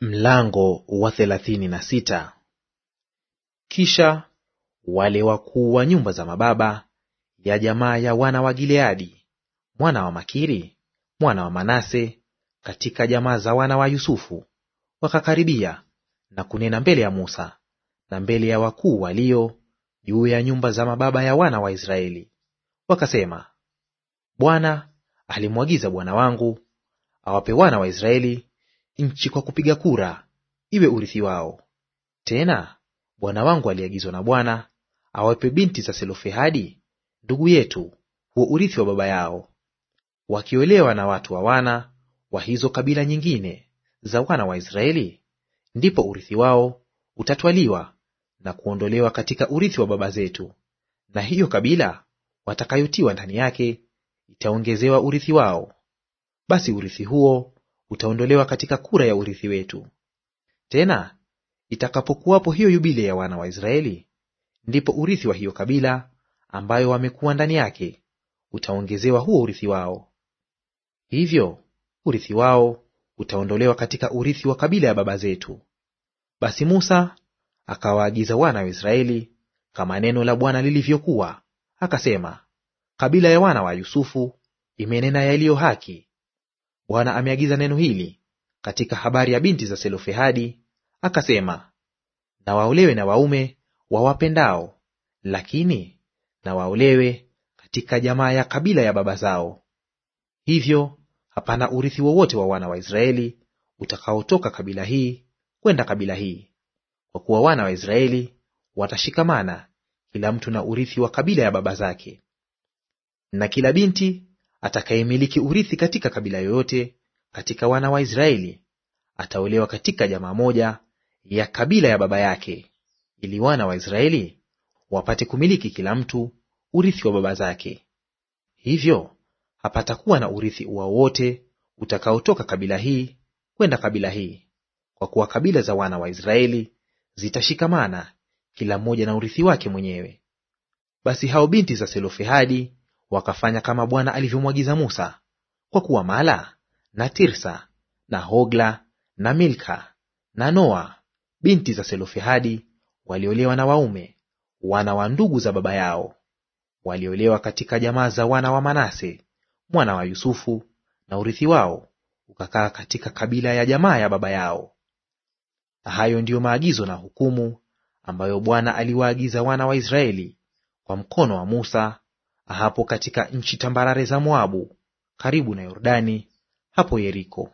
Mlango wa thelathini na sita. Kisha wale wakuu wa nyumba za mababa ya jamaa ya wana wa Gileadi mwana wa Makiri mwana wa Manase katika jamaa za wana wa Yusufu wakakaribia na kunena mbele ya Musa na mbele ya wakuu walio juu ya nyumba za mababa ya wana wa Israeli, wakasema, Bwana alimwagiza bwana wangu awape wana wa Israeli nchi kwa kupiga kura iwe urithi wao. Tena bwana wangu aliagizwa na Bwana awape binti za Selofehadi ndugu yetu huo urithi wa baba yao, wakiolewa na watu wa wana wa hizo kabila nyingine za wana wa Israeli, ndipo urithi wao utatwaliwa na kuondolewa katika urithi wa baba zetu, na hiyo kabila watakayotiwa ndani yake itaongezewa urithi wao. Basi urithi huo utaondolewa katika kura ya urithi wetu. Tena itakapokuwapo hiyo yubile ya wana wa Israeli, ndipo urithi wa hiyo kabila ambayo wamekuwa ndani yake utaongezewa huo urithi wao. Hivyo urithi wao utaondolewa katika urithi wa kabila ya baba zetu. Basi Musa akawaagiza wana wa Israeli kama neno la Bwana lilivyokuwa, akasema, kabila ya wana wa Yusufu imenena yaliyo haki, Bwana ameagiza neno hili katika habari ya binti za Selofehadi, akasema, na waolewe na waume wawapendao, lakini na waolewe katika jamaa ya kabila ya baba zao. Hivyo hapana urithi wowote wa, wa wana wa Israeli utakaotoka kabila hii kwenda kabila hii, kwa kuwa wana wa Israeli watashikamana kila mtu na urithi wa kabila ya baba zake. Na kila binti Atakayemiliki urithi katika kabila yoyote katika wana wa Israeli ataolewa katika jamaa moja ya kabila ya baba yake, ili wana wa Israeli wapate kumiliki kila mtu urithi wa baba zake. Hivyo hapatakuwa na urithi uwao wote utakaotoka kabila hii kwenda kabila hii, kwa kuwa kabila za wana wa Israeli zitashikamana kila mmoja na urithi wake mwenyewe. Basi hao binti za Selofehadi Wakafanya kama Bwana alivyomwagiza Musa, kwa kuwa Mala na Tirsa na Hogla na Milka na Noa binti za Selofehadi waliolewa na waume wana wa ndugu za baba yao, waliolewa katika jamaa za wana wa Manase mwana wa Yusufu, na urithi wao ukakaa katika kabila ya jamaa ya baba yao. Hayo ndiyo maagizo na hukumu ambayo Bwana aliwaagiza wana wa Israeli kwa mkono wa Musa hapo katika nchi tambarare za Moabu, karibu na Yordani, hapo Yeriko.